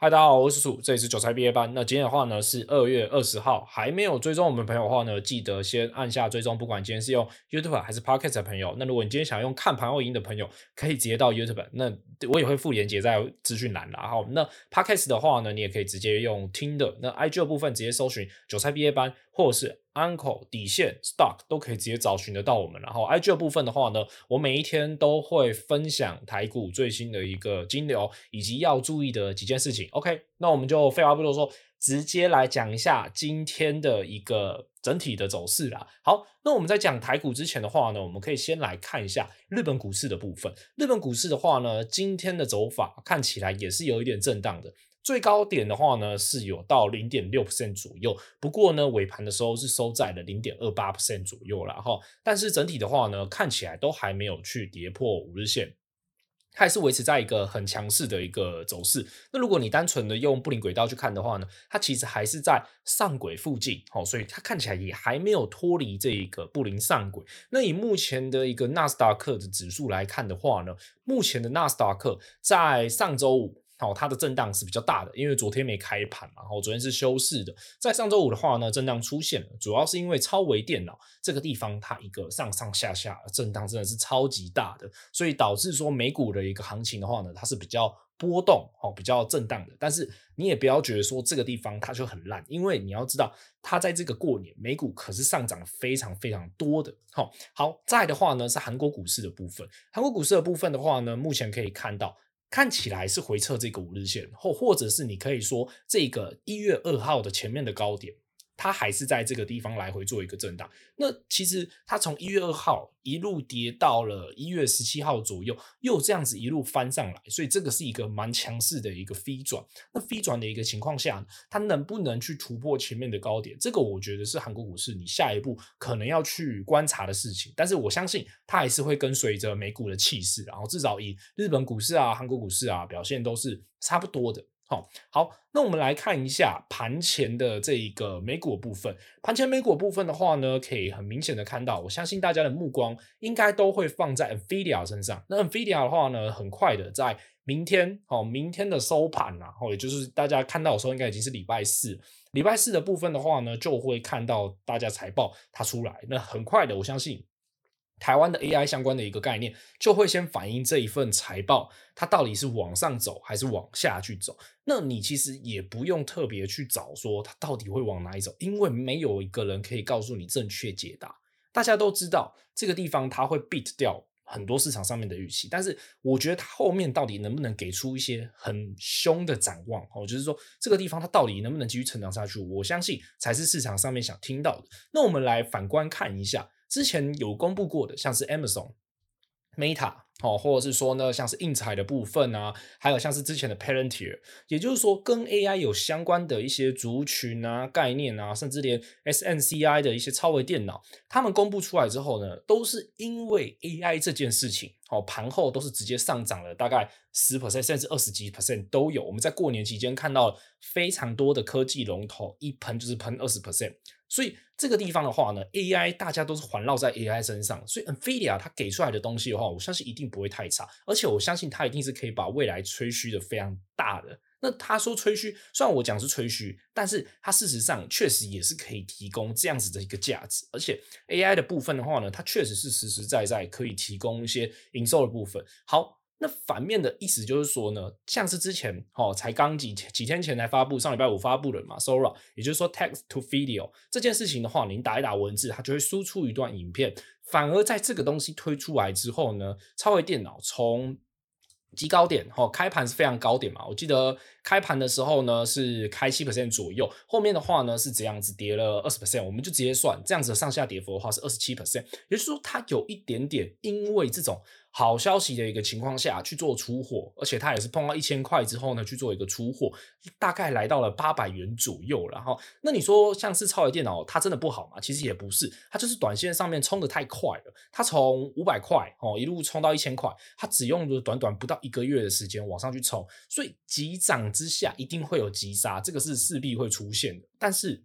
嗨，大家好，我是叔，這裡是韭菜畢業班。那今天的話呢，是二月二十號，還沒有追蹤我們朋友的話呢，記得先按下追蹤。不管今天是用 YouTube 還是 Podcast 的朋友，那如果你今天想要用看盤或影音的朋友，可以直接到 YouTube，那我也會附連結在資訊欄啦。好，那 Podcast 的話呢，你也可以直接用聽的。那 IG 部分直接搜尋韭菜畢業班。或是 Uncle 底線 Stock 都可以直接找尋得到我們。然後 IG 的部分的話呢，我每一天都會分享台股最新的一個金流，以及要注意的幾件事情。OK，那我們就廢話不多說，直接來講一下今天的一個整體的走勢啦。好，那我們在講台股之前的話呢，我們可以先來看一下日本股市的部分。日本股市的話呢，今天的走法看起來也是有一點震盪的。最高點的話呢，是有到零點六%左右，不過呢，尾盤的時候是收在了零點二八%左右了哈。但是整體的話呢，看起來都還沒有去跌破五日線，它還是維持在一個很強勢的一個走勢。那如果你單純的用布林軌道去看的話呢，它其實還是在上軌附近，哦，所以它看起來也還沒有脫離這一個布林上軌。那以目前的一個納斯達克的指數來看的話呢，目前的納斯達克在上周五。好，它的震盪是比較大的，因為昨天沒開盤嘛，然後昨天是休市的。在上週五的話呢，震盪出現了，主要是因為超微電腦這個地方它一個上上下下的震盪真的是超級大的，所以導致說美股的一個行情的話呢，它是比較波動，好，比較震盪的。但是你也不要覺得說這個地方它就很爛，因為你要知道，它在這個過年美股可是上漲非常非常多的。好，好再的話呢是韓國股市的部分，韓國股市的部分的話呢，目前可以看到。看起來是回撤這個五日線，或或者是你可以說這個一月二號的前面的高點。它還是在這個地方來回做一個震盪。那其實它從一月二號一路跌到了一月十七號左右，又這樣子一路翻上來，所以這個是一個蠻強勢的一個 V 轉。那 V 轉的一個情況下，它能不能去突破前面的高點？這個我覺得是韓國股市你下一步可能要去觀察的事情。但是我相信它還是會跟隨着美股的氣勢，然後至少以日本股市啊、韓國股市啊表現都是差不多的。好、哦，好，那我們來看一下盤前的這一個美股部分。盤前美股部分的話呢，可以很明顯的看到，我相信大家的目光應該都會放在 NVIDIA 身上。那 NVIDIA 的話呢，很快的在明天，哦，明天的收盤啦，好，也就是大家看到的時候，應該已經是禮拜四。禮拜四的部分的話呢，就會看到大家財報它出來。那很快的，我相信。台灣的 AI 相關的一個概念，就會先反映這一份財報，它到底是往上走還是往下去走？那你其實也不用特別去找說它到底會往哪裡走，因為沒有一個人可以告訴你正確解答。大家都知道，這個地方它會 beat 掉很多市場上面的預期，但是我覺得它後面到底能不能給出一些很凶的展望哦，就是說這個地方它到底能不能繼續成長下去？我相信才是市場上面想聽到的。那我們來反觀看一下。之前有公布過的，像是 Amazon、Meta 哦，或者是說呢，像是應材的部分啊，還有像是之前的 Palantir，也就是說跟 AI 有相關的一些族群啊、概念啊，甚至連 SMCI 的一些超微電腦，他們公布出來之後呢，都是因為 AI 這件事情，哦，盤後都是直接上漲了大概十 percent 甚至二十幾 percent 都有。我們在過年期間看到非常多的科技龍頭一噴就是噴二十 percent。所以這個地方的話呢，AI 大家都是環繞在 AI 身上，所以 NVIDIA 它給出來的東西的話，我相信一定不會太差，而且我相信它一定是可以把未來吹噓的非常大的。那他說吹噓，雖然我講是吹噓，但是他事實上確實也是可以提供這樣子的一個價值，而且 AI 的部分的話呢，它確實是實實在在可以提供一些營收的部分。好。那反面的意思就是說呢，像是之前哦，才剛幾幾天前才發佈，上禮拜五發佈的嘛，Sora，也就是說 text to video 這件事情的話，你打一打文字，它就會輸出一段影片。反而在這個東西推出來之後呢，超微電腦從極高點哦，開盤是非常高點嘛，我記得開盤的時候呢是開七 percent 左右，後面的話呢是這樣子跌了二十 percent，我們就直接算這樣子的上下跌幅的話是二十七 percent，也就是說它有一點點因為這種。好消息的一個情況下去做出貨，而且他也是碰到一千塊之後呢去做一個出貨，大概來到了八百元左右。然後，那你說像是超微電腦，它真的不好嗎？其實也不是，它就是短線上面衝的太快了，它從五百塊哦一路衝到一千塊，它只用了短短不到一個月的時間往上去衝，所以急漲之下一定會有急殺，這個是勢必會出現的。但是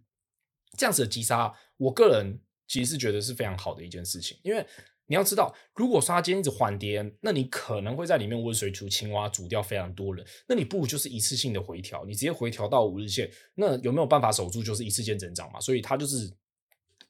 這樣子的急殺，我個人其實是覺得是非常好的一件事情，因為。你要知道，如果說他今天一直緩跌，那你可能會在裡面溫水煮青蛙，煮掉非常多人。那你不如就是一次性的回調，你直接回調到五日線，那有沒有辦法守住？就是一次性增長嘛。所以他就是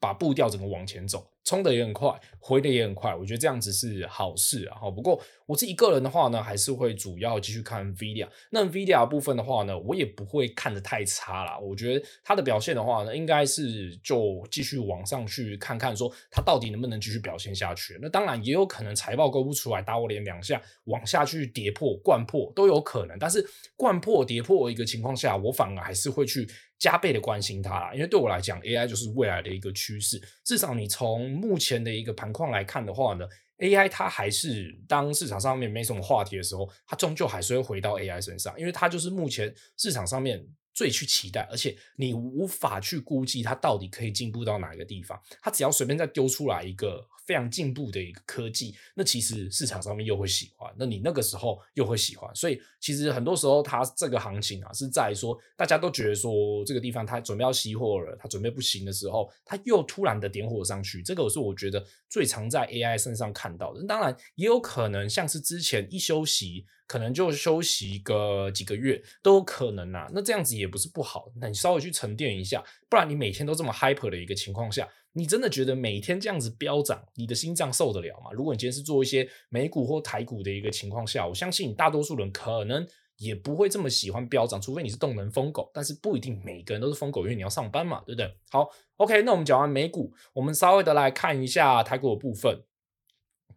把步調整個往前走。衝得也很快，回得也很快，我覺得這樣子是好事啊。好，不過我自己個人的話呢，還是會主要繼續看 NVDA。那 NVDA 部分的話呢，我也不會看得太差啦，我覺得它的表現的話呢，應該是就繼續往上去看看，說它到底能不能繼續表現下去。那當然也有可能財報勾不出來，打我臉兩下，往下去跌破、摜破都有可能。但是摜破、跌破的一個情況下，我反而還是會去加倍的關心它啦，因為對我來講，AI 就是未來的一個趨勢。至少你從目前的一個盤況來看的話呢，AI 它還是當市場上面沒什麼話題的時候，它終究還是會回到 AI 身上，因為它就是目前市場上面。最去期待，而且你無法去估計它到底可以進步到哪一個地方。它只要隨便再丟出來一個非常進步的一個科技，那其實市場上面又會喜歡。那你那個時候又會喜歡。所以其實很多時候，它這個行情啊，是在說大家都覺得說這個地方它準備要熄火了，它準備不行的時候，它又突然的點火上去。這個是我覺得最常在 AI 身上看到的。當然，也有可能像是之前一休息。可能就休息個幾個月都有可能吶，啊，那這樣子也不是不好。那你稍微去沉澱一下，不然你每天都這麼 hyper 的一個情況下，你真的覺得每天這樣子飆漲，你的心臟受得了嗎？如果你今天是做一些美股或台股的一個情況下，我相信大多數人可能也不會這麼喜歡飆漲，除非你是動能瘋狗。但是不一定每個人都是瘋狗，因為你要上班嘛，對不對？好，OK，那我們講完美股，我們稍微的來看一下台股的部分。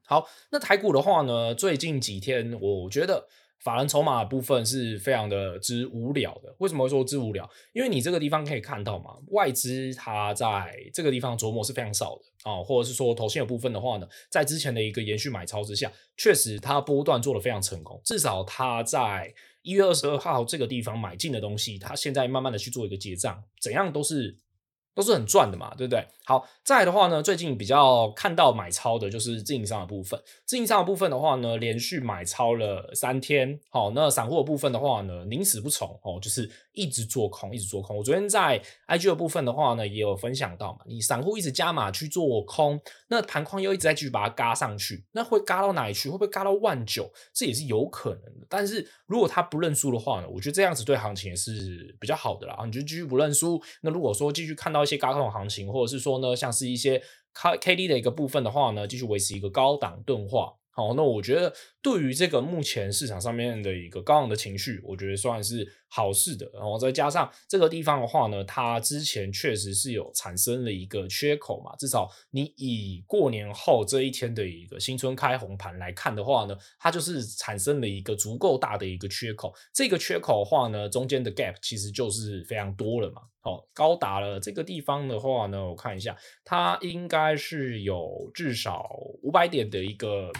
好，那台股的話呢，最近幾天我覺得法人籌碼部分是非常的之無聊的。為什麼會說之無聊？因為你這個地方可以看到嘛，外資它在這個地方著墨是非常少的啊、哦，或者是說投信的部分的話呢，在之前的一個延續買超之下，確實它波段做得非常成功。至少它在一月二十二號這個地方買進的東西，它現在慢慢的去做一個結賬，怎樣都是。都是很賺的嘛，對不對？好，再來的話呢，最近比較看到買超的就是自營商的部分，自營商的部分的話呢，連續買超了三天。好，哦，那散戶的部分的話呢，寧死不從哦，就是一直做空，一直做空。我昨天在 IG 的部分的話呢，也有分享到嘛，你散戶一直加碼去做空，那盤框又一直在繼續把它嘎上去，那會嘎到哪裡去？會不會嘎到萬九？這也是有可能的。但是如果他不認輸的話呢，我覺得這樣子對行情也是比較好的啦。啊，你就繼續不認輸。那如果說繼續看到。一些高檔行情，或者是說呢，像是一些 K K D 的一個部分的話呢，繼續維持一個高檔鈍化。好，那我覺得對於這個目前市場上面的一個高昂的情緒，我覺得算是好事的。然後再加上這個地方的話呢，它之前確實是有產生了一個缺口嘛。至少你以過年後這一天的一個新春開紅盤來看的話呢，它就是產生了一個足夠大的一個缺口。這個缺口的話呢，中間的 gap 其實就是非常多了嘛。好，高達了這個地方的話呢，我看一下，它應該是有至少五百點的一個。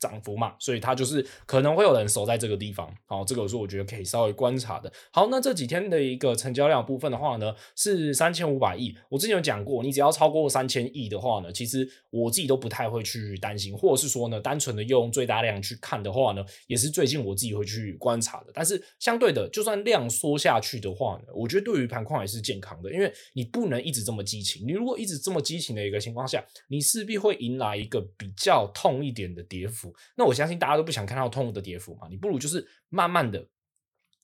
漲幅嘛，所以它就是可能會有人守在這個地方，好，這個是我覺得可以稍微觀察的。好，那這幾天的一個成交量的部分的話呢，是三千五百億。我之前有講過，你只要超過三千億的話呢，其實我自己都不太會去擔心，或者是說呢，單純的用最大量去看的話呢，也是最近我自己會去觀察的。但是相對的，就算量縮下去的話呢，我覺得對於盤況也是健康的，因為你不能一直這麼激情。你如果一直這麼激情的一個情況下，你勢必會迎來一個比較痛一點的跌幅。那我相信大家都不想看到痛苦的跌幅嘛，你不如就是慢慢的，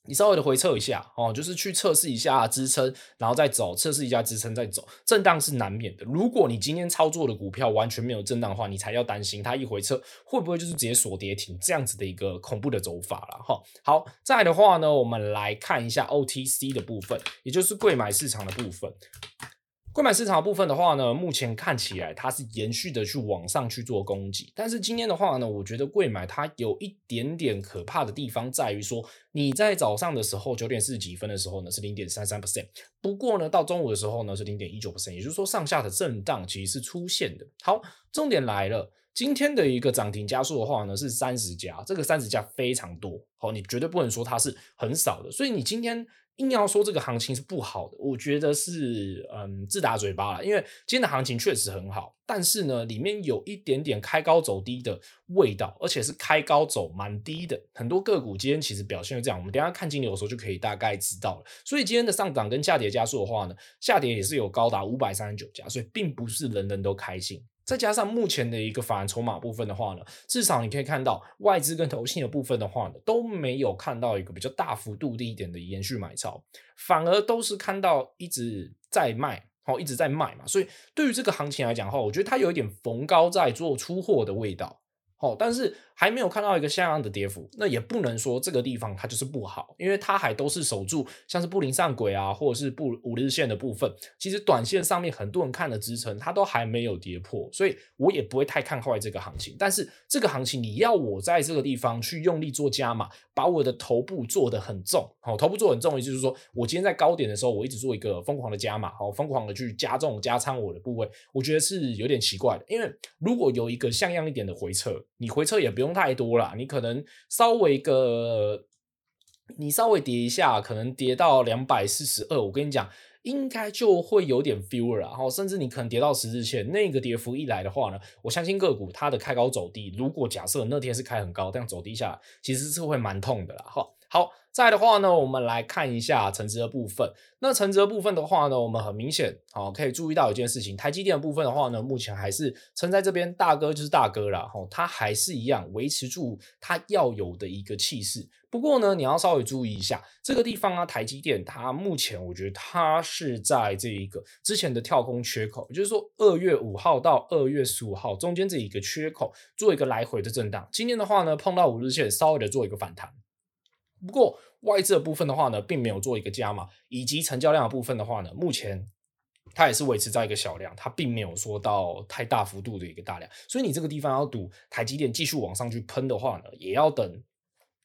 你稍微的回撤一下哦，就是去測試一下支撐，然後再走，測試一下支撐再走，震盪是難免的。如果你今天操作的股票完全沒有震盪的話，你才要擔心它一回撤會不會就是直接鎖跌停這樣子的一個恐怖的走法了哈。好，再的話呢，我們來看一下 OTC 的部分，也就是櫃買市場的部分。櫃買市場部分的話呢，目前看起來它是延續的去往上去做攻擊，但是今天的話呢，我覺得櫃買它有一點點可怕的地方在於說，你在早上的時候九點四十幾分的時候呢是零點三三 percent，不過呢到中午的時候呢是零點一九 percent，也就是說上下的震盪其實是出現的。好，重點來了。今天的一個漲停家數的話呢是三十家，這個三十家非常多，好、哦，你絕對不能說它是很少的。所以你今天硬要說這個行情是不好的，我覺得是嗯自打嘴巴了。因為今天的行情確實很好，但是呢裡面有一點點開高走低的味道，而且是開高走蠻低的。很多個股今天其實表現是這樣，我們等一下看金牛的時候就可以大概知道了。所以今天的上漲跟下跌家數的話呢，下跌也是有高達五百三十九家，所以並不是人人都開心。再加上目前的一個法人籌碼部分的話呢，至少你可以看到外資跟投信的部分的話呢，都沒有看到一個比較大幅度的一點的延續買超，反而都是看到一直在賣，好，一直在賣嘛，所以對於這個行情來講的話，我覺得它有一點逢高在做出貨的味道。哦，但是還沒有看到一個像樣的跌幅，那也不能說這個地方它就是不好，因為它還都是守住，像是布林上軌啊，或者是布五日線的部分。其實短線上面很多人看的支撐，它都還沒有跌破，所以我也不會太看壞這個行情。但是這個行情你要我在這個地方去用力做加碼，把我的頭部做得很重，好，頭部做很重，也就是說我今天在高點的時候，我一直做一個瘋狂的加碼，好，瘋狂的去加重加倉我的部位，我覺得是有點奇怪的，因為如果有一個像樣一點的回撤。你回撤也不用太多啦，你可能稍微個，你稍微跌一下，可能跌到兩百四十二，我跟你講，應該就會有點 fewer 啦，然後甚至你可能跌到十日線，那個跌幅一來的話呢，我相信個股它的開高走低，如果假設那天是開很高，這樣走低下，其實是會蠻痛的啦。哈。好，在的話呢，我們來看一下成指的部分。那成指的部分的話呢，我們很明顯，好、哦，可以注意到一件事情，台積電的部分的話呢，目前還是撐在這邊，大哥就是大哥啦，哈、哦，他還是一樣維持住他要有的一個氣勢。不過呢，你要稍微注意一下這個地方啊，台積電它目前我覺得它是在這一個之前的跳空缺口，就是說二月五號到二月十五號中間這一個缺口做一個來回的震盪。今天的話呢，碰到五日線稍微的做一個反彈。不過外資的部分的話呢，並沒有做一個加碼，以及成交量的部分的話呢，目前它也是維持在一個小量，它並沒有說到太大幅度的一個大量。所以你這個地方要賭台積電繼續往上去噴的話呢，也要等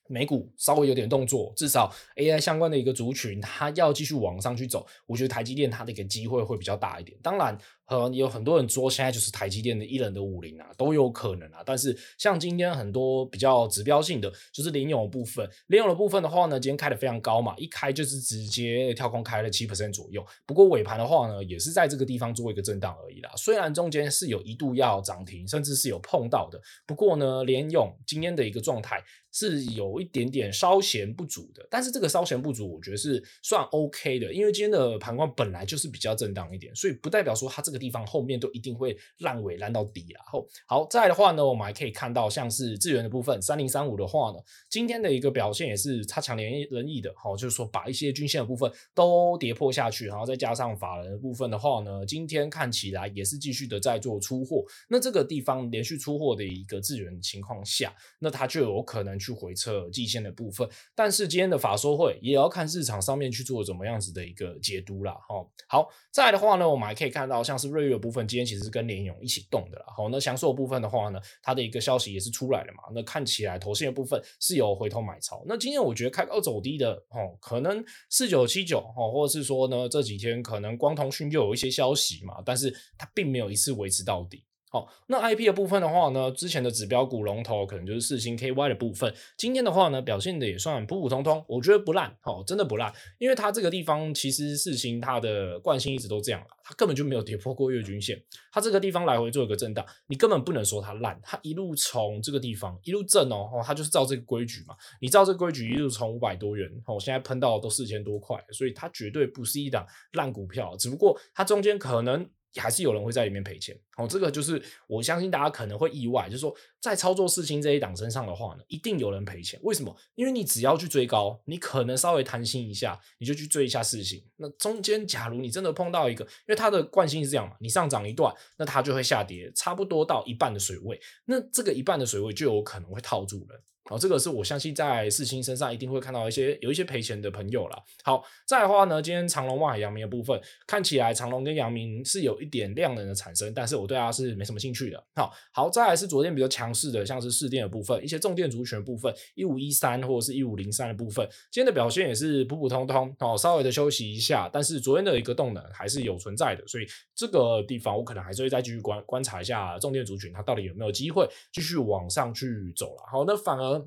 美股稍微有點動作，至少 AI 相關的一個族群它要繼續往上去走，我覺得台積電它的一個機會會比較大一點。當然。能、呃、有很多人說現在就是台積電的一輪的五零啊，都有可能啊。但是像今天很多比較指標性的，就是聯詠部分，聯詠的部分的話呢，今天開的非常高嘛，一開就是直接跳空開了七%左右。不過尾盤的話呢，也是在這個地方做一個震盪而已啦。雖然中間是有一度要漲停，甚至是有碰到的，不過呢，聯詠今天的一個狀態是有一點點稍嫌不足的。但是這個稍嫌不足，我覺得是算 OK 的，因為今天的盤況本來就是比較震盪一點，所以不代表說它這個。地方後面都一定會爛尾爛到底了、啊。然後好再的話呢，我們還可以看到像是智原的部分，三零三五的話呢，今天的一個表現也是差強人意的。好，就是說把一些均線的部分都跌破下去，然後再加上法人的部分的話呢，今天看起來也是繼續的在做出貨。那這個地方連續出貨的一個資源情況下，那它就有可能去回撤季線的部分。但是今天的法說會也要看市場上面去做怎麼樣子的一個解讀了。哈，好再的話呢，我們還可以看到像是。瑞昱的部分今天其實是跟聯詠一起動的啦。好，那祥碩部分的話呢，它的一個消息也是出來了嘛。那看起來投信部分是有回頭買超。那今天我覺得開高走低的，哦，可能四九七九，哦，或者是說呢，這幾天可能光通訊就有一些消息嘛，但是它並沒有一次維持到底。好、哦，那 I P 的部分的話呢，之前的指標股龍頭可能就是世芯 K Y 的部分。今天的話呢，表現的也算普普通通，我覺得不爛，好、哦，真的不爛。因為它這個地方其實世芯它的慣性一直都這樣了，它根本就沒有跌破過月均線。它這個地方來回做一個震盪，你根本不能說它爛。它一路從這個地方一路震哦，哦，它就是照這個規矩嘛。你照這規矩一路從五百多元，我、哦、現在噴到都四千多塊，所以它絕對不是一檔爛股票。只不過它中間可能。還是有人會在裡面賠錢，哦，這個就是我相信大家可能會意外，就是說在操作四星這一檔身上的話呢，一定有人賠錢。為什麼？因為你只要去追高，你可能稍微貪心一下，你就去追一下四星。那中間，假如你真的碰到一個，因為它的慣性是這樣嘛，你上漲一段，那它就會下跌，差不多到一半的水位，那這個一半的水位就有可能會套住人。哦，這個是我相信在四星身上一定會看到一些有一些賠錢的朋友了。好，再來的話呢，今天長榮、萬海、陽明的部分，看起來長榮跟陽明是有一點量能的產生，但是我對它是沒什麼興趣的。好好，再來是昨天比較強勢的，像是士電的部分，一些重電族群的部分，一五一三或者是一五零三的部分，今天的表現也是普普通通。哦，稍微的休息一下，但是昨天的一個動能還是有存在的，所以這個地方我可能還是會再繼續觀觀察一下重電族群它到底有沒有機會繼續往上去走了。好，那反而。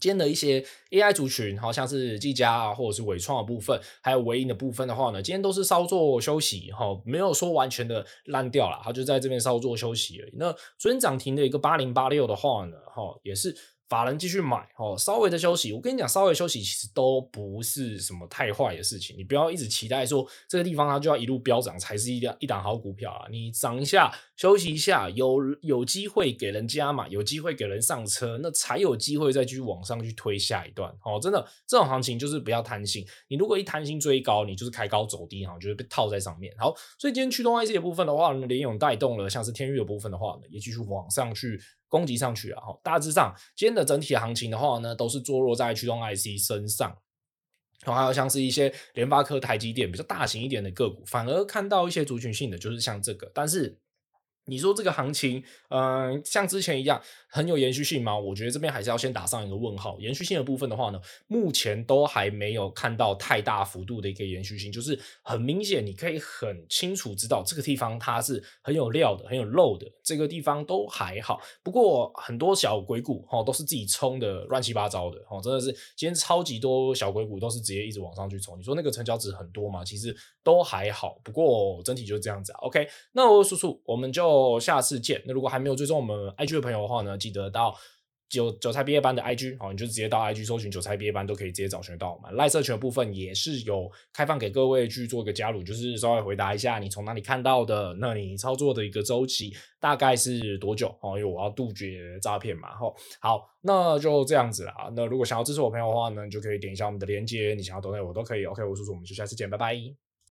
今天的一些 AI 族群，好像是技嘉啊，或者是緯創的部分，還有緯穎的部分的話呢，今天都是稍作休息，哈，沒有說完全的爛掉了，它就在這邊稍作休息而已。那昨天漲停的一個八零八六的話呢，哈，也是。法人繼續買哦，稍微的休息。我跟你講，稍微休息其實都不是什麼太壞的事情。你不要一直期待說這個地方它就要一路飆漲才是一檔一檔好股票啊！你漲一下，休息一下，有有機會給人加碼，有機會給人上車，那才有機會再繼續往上去推下一段。哦、喔，真的，這種行情就是不要貪心。你如果一貪心追高，你就是開高走低哈，就是被套在上面。好，所以今天驅動 IC 部分的話，聯詠帶動了，像是天鈺的部分的話呢，也繼續往上去。攻擊上去啊！大致上今天的整體行情的話呢，都是坐落在驅動 IC 身上，然後還有像是一些聯發科、台積電比較大型一點的個股，反而看到一些族群性的，就是像這個，但是。你說這個行情，嗯，像之前一樣很有延續性嗎？我覺得這邊還是要先打上一個問號。延續性的部分的話呢，目前都還沒有看到太大幅度的一個延續性，就是很明顯，你可以很清楚知道這個地方它是很有料的、很有肉的，這個地方都還好。不過很多小鬼股哦都是自己衝的，亂七八糟的哦，真的是今天超級多小鬼股都是直接一直往上去衝。你說那個成交值很多嘛？其實都還好，不過整體就是這樣子，啊。OK，那叔叔我們就。哦，下次見。那如果還沒有追蹤我們 IG 的朋友的話呢，記得到韭韭菜畢業班的 IG 哦，你就直接到 IG 搜尋韭菜畢業班，都可以直接找尋到我們。賴社群的部分也是有開放給各位去做一個加入，就是稍微回答一下你從哪裡看到的，那你操作的一個周期大概是多久哦？因為我要杜絕詐騙嘛。好、哦，好，那就這樣子了啊。那如果想要支持我朋友的話呢，你就可以點一下我們的鏈接。你想要多少我都可以。OK，我是叔叔，我們就下次見，拜拜。